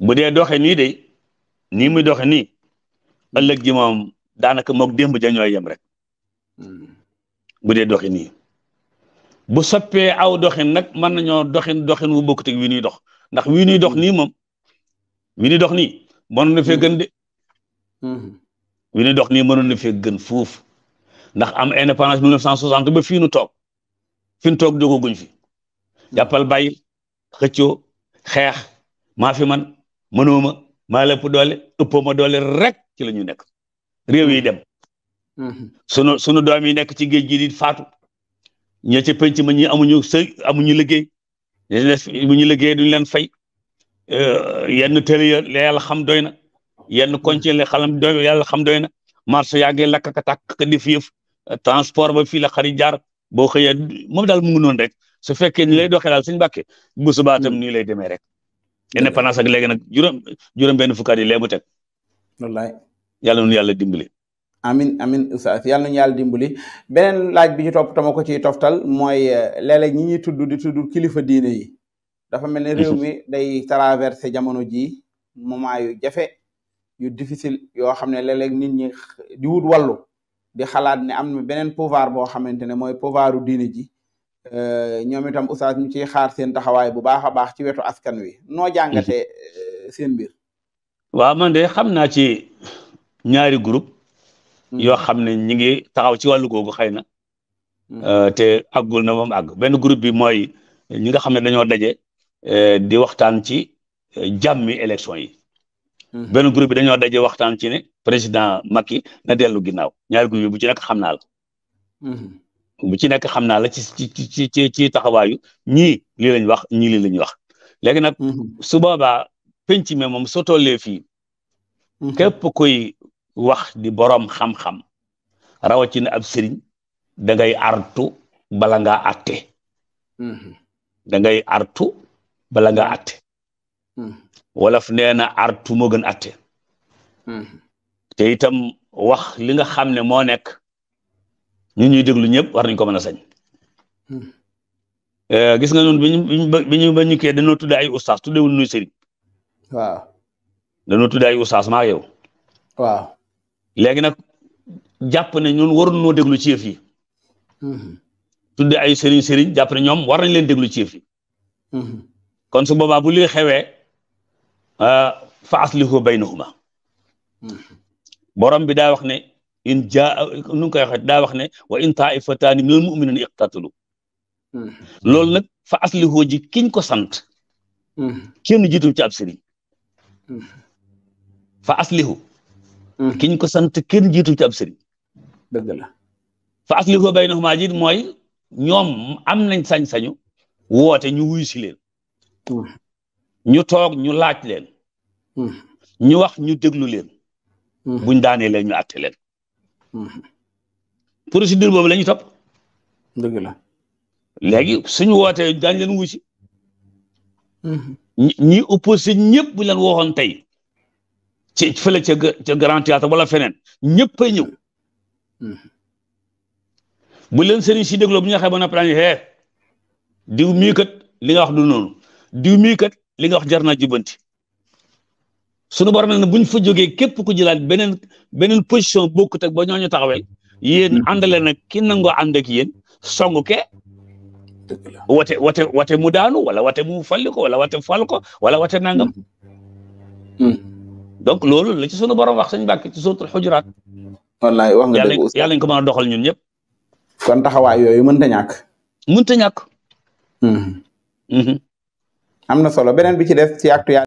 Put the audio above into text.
bu dee doxe nii de nii muy doxe nii ëllëg ji moom daanaka moog démb ja ñooy yem rek hmm. bu dee doxe nii bu soppee aw doxin nag mën nañoo doxin doxin wu bokkut ak wi dox ndax wi ñuy dox nii moom wi ñuy dox ni mënoon na fee gën de hmm. wi ñuy dox ni mënoon na fee gën fuuf ndax am indépendance 1960 ba fii nu toog fi nu toog jógaguñ fi hmm. jàppal bàyyil xëccoo xeex maa mënuma ma lepp doole ëppoo doole rek ci lañu ñu nekk réew yi dem mm-hmm. sunu sunu doom yi nekk ci géej gi di faatu ña ci penc ma ñi amuñu sëy amuñu liggéey bu ñu liggéey leen fay euh, yenn tëli ya la yàlla xam doy na yenn konci la xalam doy yàlla xam doy na marché yaa ngi lakk di fiif transport ba fii la xari jaar boo xëyee moom daal mu ngi noonu rek su fekkee ni lay doxee daal suñu bàkkee bu subaatam mm-hmm. lay demee rek indépendance ak léegi nag juróom juróom benn fukkaat yi lee mu teg wallaay yàlla yàlla dimbali amin amin oustaz yàlla nañu yàlla dimbali beneen laaj bi ñu topp tama ko ciy toftal mooy eh, léeg-léeg ñi ñuy tudd di tudd kilifa diine yi dafa mel ne réew mi mm-hmm. day traversé jamono jii moment yu jafe yu difficile yoo xam ne léeg-léeg nit ñi di wut wàllu di xalaat ne am na beneen pouvoir boo xamante ne mooy pouvoiru diine ji Eh, ñoom itam oustaz ñu ciy xaar seen taxawaay bu baax a baax ci wetu askan wi noo jàngatee eh, seen mbir. waaw man de xam naa ci ñaari groupe hmm. yoo xam ne ñi ngi taxaw ci wàllu googu xëy na. Hmm. Eh, te àggul na moom àgg benn groupe bi mooy ñi nga xam ne dañoo daje di waxtaan ci jàmmi élection yi. Hmm. benn groupe bi dañoo daje waxtaan ci ne président Macky na dellu ginnaaw ñaari groupe bi bu ci nekk xam naa bu ci nekk xam naa la ci ci ci ci ci taxawaayu ñii lii lañ wax ñii lii lañ wax léegi nag mm-hmm. su boobaa penc mi moom soo tollee fii mm-hmm. képp kuy wax di borom xam-xam rawatina ab sëriñ da ngay artu bala ngaa atte mm-hmm. da ngay artu bala ngaa wala wolof nee na artu moo gën atte te wax li nga xam ne moo nekk ñun ñuy lu ñëpp war nañ ko mën a sañ. Hmm. Eh, gis nga noonu bi ñu bi ñu ba ñu kee dañoo tuddee ay ustaas tuddewul nuy seriñ waaw dañoo tuddee ay ustaas maa yow. waaw léegi nag jàpp ne ñun waroon noo déglu ci yëf yi. Hmm. tuddee ay sëriñ sëriñ jàpp ne ñoom war nañ leen déglu ci yëf hmm. kon su boobaa bu lii xewee ah, fa aslihu baynahuma borom bi daa wax ne. in jaa nu ngi koy waxee daa wax ne wa in taifataani minal muminina iqtatalu mm-hmm. loolu nag fa aslihu ji kiñ ko sant mm-hmm. kenn jiitu ci ab mm-hmm. fa aslihu kiñ ko sant kenn jiitu ca ab sëriñ dëgg la fa aslihu baynahuma ji mooy ñoom am nañ sañ-sañu woote ñu wuy si leen ñu toog ñu laaj leen ñu wax ñu déglu leen buñ daanee leen ñu àtte leen Mhm. procédure boobu la ñu topp. dëgg la léegi suñu wootee daañu leen wusi ñi mhm. ñi opposé ñëpp bu leen waxoon tey ci fële ca ca grand wala feneen ñëpp ñëw. Mhm. bu leen sëriñ si dégloo bu ñu ba noppi daañu hee diw miikat li nga wax du noonu diw miikat li nga wax jar naa jubanti suñu borom ne buñ fa jógee képp ku jëlaat beneen beneen position bokkut ak ba ñoo ñu taxawel yéen àndale nag ki nangoo ànd ak yéen song ke wate wate mu daanu wala wate mu falli wala wate fal ko wala wate nangam hmm. donc loolu la ci sunu borom wax sañ bàkk ci suuratul xujuraat wallaay wax nga dëgg yàlla ñu ko mën a doxal ñun ñëpp kon taxawaay yooyu mënta ñàkk mënta ñàkk hmm. mhm. am na solo beneen bi ci def ci actualité